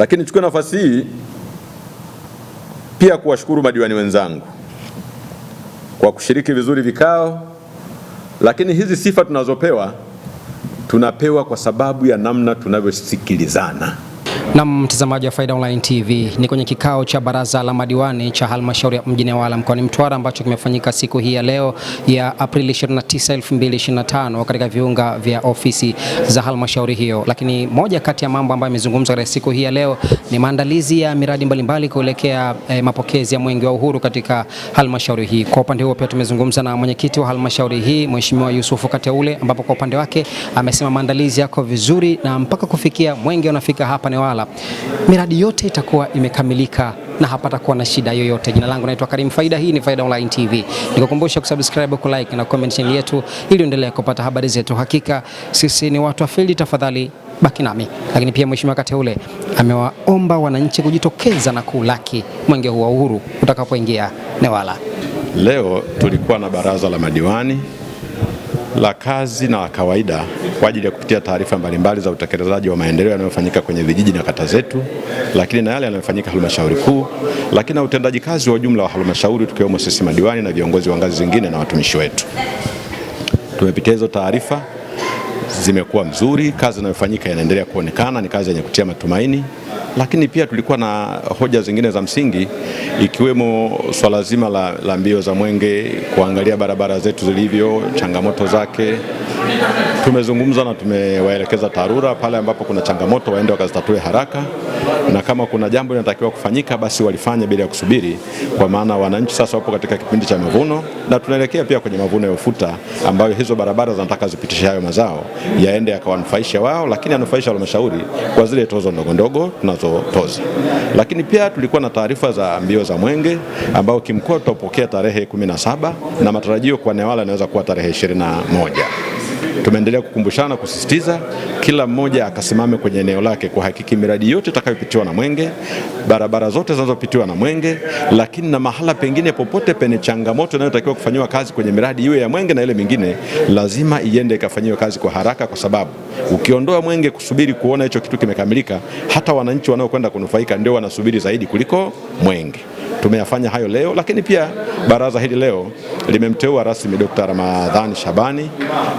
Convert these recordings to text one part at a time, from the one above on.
Lakini chukua nafasi hii pia kuwashukuru madiwani wenzangu kwa kushiriki vizuri vikao, lakini hizi sifa tunazopewa tunapewa kwa sababu ya namna tunavyosikilizana. Na mtazamaji wa Faida Online TV ni kwenye kikao cha baraza la madiwani cha halmashauri ya mji Newala mkoani Mtwara ambacho kimefanyika siku hii ya leo ya Aprili 29, 2025 katika viunga vya ofisi za halmashauri hiyo. Lakini moja kati ya mambo ambayo yamezungumzwa katika siku hii ya leo ni maandalizi ya miradi mbalimbali kuelekea eh, mapokezi ya mwenge wa uhuru katika halmashauri hii. Kwa upande huo pia tumezungumza na mwenyekiti wa halmashauri hii Mheshimiwa Yusufu Kateule, ambapo kwa upande wake amesema maandalizi yako vizuri na mpaka kufikia mwenge unafika hapa Newala Ilala, miradi yote itakuwa imekamilika na hapatakuwa na shida yoyote. Jina langu naitwa Karim Faida, hii ni Faida Online TV. Nikukumbusha kusubscribe, ku like na comment chini yetu ili uendelee kupata habari zetu. Hakika sisi ni watu wa field, tafadhali baki nami. Lakini pia Mheshimiwa Kateule amewaomba wananchi kujitokeza na kulaki mwenge huu wa uhuru utakapoingia Newala. Leo tulikuwa na baraza la madiwani la kazi na la kawaida kwa ajili ya kupitia taarifa mbalimbali za utekelezaji wa maendeleo yanayofanyika kwenye vijiji na kata zetu, lakini na yale yanayofanyika halmashauri kuu, lakini na utendaji kazi wa jumla wa halmashauri, tukiwemo sisi madiwani na viongozi wa ngazi zingine na watumishi wetu. Tumepitia hizo taarifa zimekuwa mzuri, kazi inayofanyika inaendelea kuonekana ni kazi yenye kutia matumaini, lakini pia tulikuwa na hoja zingine za msingi ikiwemo swala zima la, la mbio za mwenge, kuangalia barabara zetu zilivyo, changamoto zake Tumezungumza na tumewaelekeza TARURA pale ambapo kuna changamoto waende wakazitatue haraka, na kama kuna jambo linatakiwa kufanyika basi walifanye bila ya kusubiri, kwa maana wananchi sasa wapo katika kipindi cha mavuno na tunaelekea pia kwenye mavuno ya ufuta, ambayo hizo barabara zinataka zipitishe hayo mazao yaende yakawanufaisha wao, lakini anufaisha halmashauri kwa zile tozo ndogo ndogo tunazotoza. Lakini pia tulikuwa na taarifa za mbio za Mwenge ambao kimkoa tutapokea tarehe 17 na matarajio kwa Newala anaweza kuwa tarehe 21 tumeendelea kukumbushana kusisitiza kila mmoja akasimame kwenye eneo lake kuhakiki miradi yote itakayopitiwa na Mwenge, barabara zote zinazopitiwa na Mwenge, lakini na mahala pengine popote penye changamoto inayotakiwa kufanyiwa kazi kwenye miradi iwe ya Mwenge na ile mingine, lazima iende ikafanyiwe kazi kwa haraka, kwa sababu ukiondoa Mwenge kusubiri kuona hicho kitu kimekamilika, hata wananchi wanaokwenda kunufaika ndio wanasubiri zaidi kuliko Mwenge. Tumeyafanya hayo leo, lakini pia baraza hili leo limemteua rasmi Dr. Ramadhani Shabani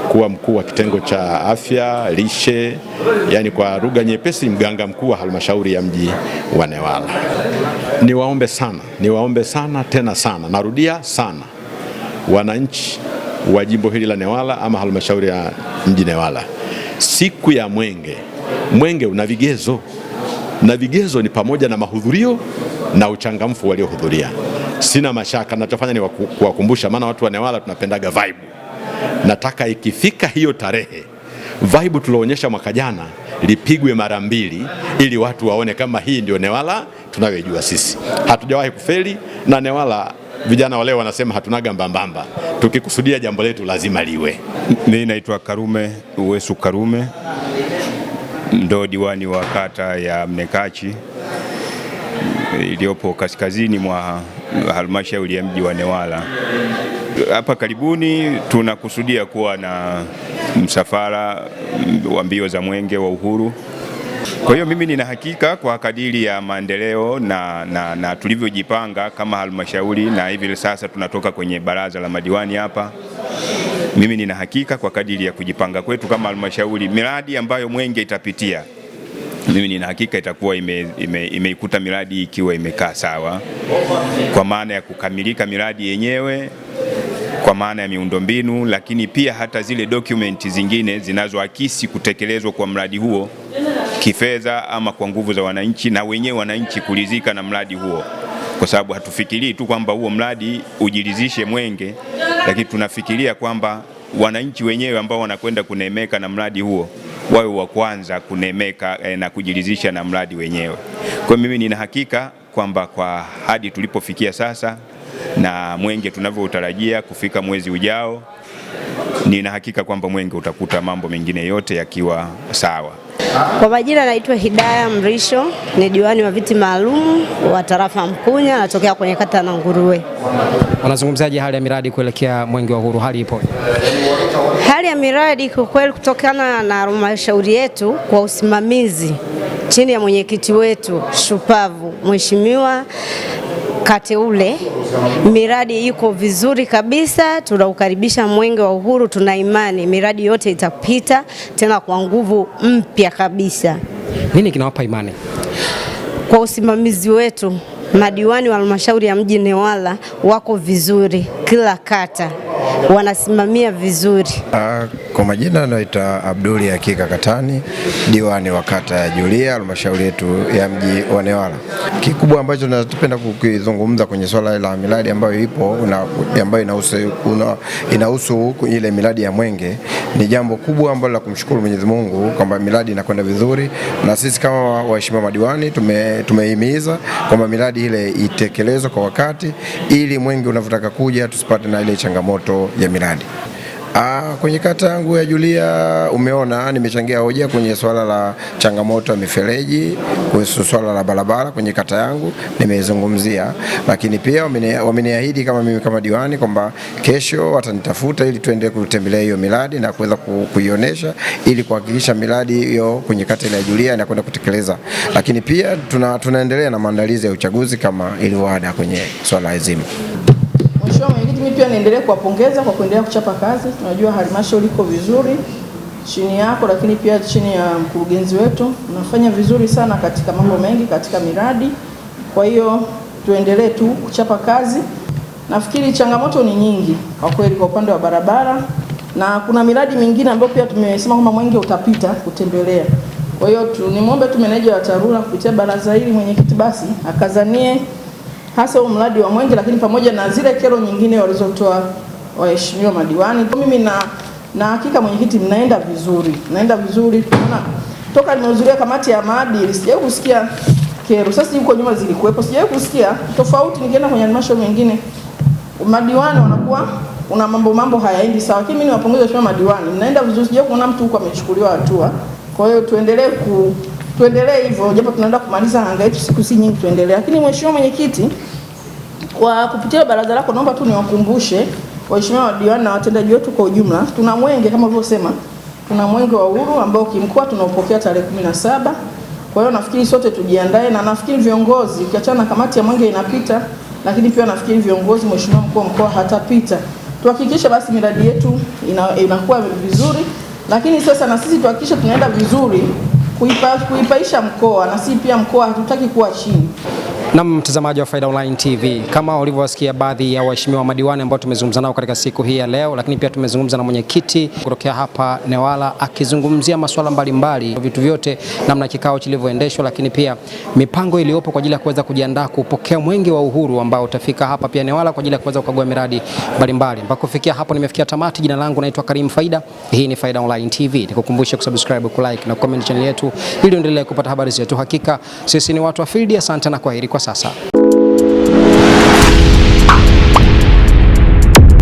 kuwa mkuu wa kitengo cha afya lishe, yani kwa lugha nyepesi, mganga mkuu wa halmashauri ya mji wa Newala. Niwaombe sana, niwaombe sana tena sana, narudia sana, wananchi wa jimbo hili la Newala ama halmashauri ya mji Newala, siku ya Mwenge. Mwenge una vigezo na vigezo ni pamoja na mahudhurio na uchangamfu waliohudhuria. Sina mashaka, nachofanya ni kuwakumbusha, maana watu wa Newala tunapendaga vibe. Nataka ikifika hiyo tarehe vibe tulioonyesha mwaka jana lipigwe mara mbili, ili watu waone kama hii ndio Newala tunayojua sisi. Hatujawahi kufeli na Newala vijana waleo wanasema hatunaga mbambamba, tukikusudia jambo letu lazima liwe. Mimi naitwa Karume Uwesu Karume, ndo diwani wa kata ya Mnekachi iliyopo kaskazini mwa halmashauri ya mji wa Newala. Hapa karibuni tunakusudia kuwa na msafara wa mbio za Mwenge wa Uhuru. Kwa hiyo mimi nina hakika kwa kadiri ya maendeleo na, na, na tulivyojipanga kama halmashauri na hivi sasa tunatoka kwenye baraza la madiwani hapa. Mimi nina hakika kwa kadiri ya kujipanga kwetu kama halmashauri miradi ambayo Mwenge itapitia mimi nina hakika itakuwa imeikuta ime, ime miradi ikiwa imekaa sawa, kwa maana ya kukamilika miradi yenyewe kwa maana ya miundombinu, lakini pia hata zile dokumenti zingine zinazoakisi kutekelezwa kwa mradi huo kifedha ama kwa nguvu za wananchi na wenyewe wananchi kuridhika na mradi huo, kwa sababu hatufikirii tu kwamba huo mradi ujiridhishe Mwenge, lakini tunafikiria kwamba wananchi wenyewe ambao wanakwenda kuneemeka na mradi huo wawe wa kwanza kunemeka eh, na kujiridhisha na mradi wenyewe. Kwa mimi nina hakika kwamba kwa hadi tulipofikia sasa na mwenge tunavyoutarajia kufika mwezi ujao nina hakika kwamba Mwenge utakuta mambo mengine yote yakiwa sawa. Kwa majina naitwa Hidaya Mrisho, ni diwani wa viti maalum wa tarafa Mkunya, natokea kwenye kata na Nguruwe. Wanazungumzaje hali ya miradi kuelekea Mwenge wa Uhuru, hali ipo? Hali ya miradi kwa kweli, kutokana na halmashauri yetu kwa usimamizi chini ya mwenyekiti wetu shupavu Mheshimiwa kate ule Miradi iko vizuri kabisa, tunaukaribisha mwenge wa uhuru. Tuna imani miradi yote itapita tena kwa nguvu mpya kabisa. Nini kinawapa imani? Kwa usimamizi wetu madiwani wa halmashauri ya mji Newala wako vizuri, kila kata wanasimamia vizuri. Uh, kwa majina naita Abduli Hakika Katani, diwani wa kata ya Julia, halmashauri yetu ya mji wa Newala. Kikubwa ambacho napenda kukizungumza kwenye swala la miradi ambayo ipo una, ambayo inahusu inahusu ile miradi ya Mwenge ni jambo kubwa ambalo la kumshukuru Mwenyezi Mungu kwamba miradi inakwenda vizuri, na sisi kama waheshimiwa madiwani tumehimiza tume kwamba miradi ile itekelezwe kwa wakati, ili mwenge unavyotaka kuja tusipate na ile changamoto ya miradi. Ah, kwenye kata yangu ya Julia umeona nimechangia hoja kwenye swala la changamoto ya mifereji, kuhusu swala la barabara kwenye kata yangu nimezungumzia, lakini pia wameniahidi kama mimi kama diwani kwamba kesho watanitafuta ili tuende kutembelea hiyo miradi na kuweza kuionyesha ili kuhakikisha miradi hiyo kwenye kata ya Julia inakwenda kutekeleza. Lakini pia tuna, tunaendelea na maandalizi ya uchaguzi kama ilivyoada kwenye swala zima. Mheshimiwa Mwenyekiti, mimi pia niendelee kuwapongeza kwa kuendelea kuchapa kazi. Tunajua halmashauri iko vizuri chini yako, lakini pia chini ya mkurugenzi wetu unafanya vizuri sana katika mambo mengi, katika miradi. Kwa hiyo tuendelee tu kuchapa kazi. Nafikiri changamoto ni nyingi kwa kweli kwa upande wa barabara, na kuna miradi mingine ambayo pia tumesema kwamba mwenge utapita kutembelea. Kwa hiyo tu nimwombe tu meneja wa TARURA kupitia baraza hili, mwenyekiti, basi akazanie hasa huu mradi wa Mwenge, lakini pamoja na zile kero nyingine walizotoa waheshimiwa madiwani. Mimi na na hakika mwenyekiti, mnaenda vizuri, mnaenda vizuri. Tunaona toka nimehudhuria kamati ya maadili sijawahi kusikia kero. Sasa huko nyuma zilikuwepo, sijawahi kusikia tofauti. Nikienda kwenye halmashauri nyingine madiwani wanakuwa una mambo mambo hayaendi sawa, lakini mimi niwapongeze waheshimiwa madiwani, mnaenda vizuri, sijawahi kuona mtu huko amechukuliwa hatua. Kwa hiyo tuendelee ku tuendelee hivyo, japo tunaenda kumaliza anga yetu siku si nyingi, tuendelee. Lakini mheshimiwa mwenyekiti, kwa kupitia baraza lako, naomba tu niwakumbushe waheshimiwa wadiwani na watendaji wetu kwa ujumla, tuna mwenge kama ulivyosema, tuna mwenge wa uhuru ambao kimkoa tunaopokea tarehe saba. Kwa hiyo nafikiri sote tujiandae, na nafikiri viongozi, ukiachana na kamati ya mwenge inapita, lakini pia nafikiri viongozi, mheshimiwa mkuu wa mkoa hatapita, tuhakikishe basi miradi yetu inakuwa ina vizuri, lakini sasa na sisi tuhakikishe tunaenda vizuri kuipa, kuipaisha mkoa na si pia mkoa hatutaki kuwa chini. Na mtazamaji wa Faida Online TV, kama ulivyowasikia baadhi ya waheshimiwa madiwani ambao tumezungumza nao katika siku hii ya leo, lakini pia tumezungumza na mwenyekiti kutokea hapa Newala akizungumzia masuala mbalimbali, vitu vyote, namna kikao kilivyoendeshwa, lakini pia mipango iliyopo kwa ajili ya kuweza kujiandaa kupokea mwenge wa uhuru ambao utafika hapa pia Newala kwa ajili ya kuweza kukagua miradi mbalimbali. Mpaka kufikia hapo nimefikia tamati. Jina langu naitwa Karim Faida, hii ni Faida Online TV. Nikukumbusha kusubscribe, kulike na comment channel yetu ili uendelee kupata habari zetu. Hakika sisi ni watu wa field. Asante na kwaheri kwa sasa.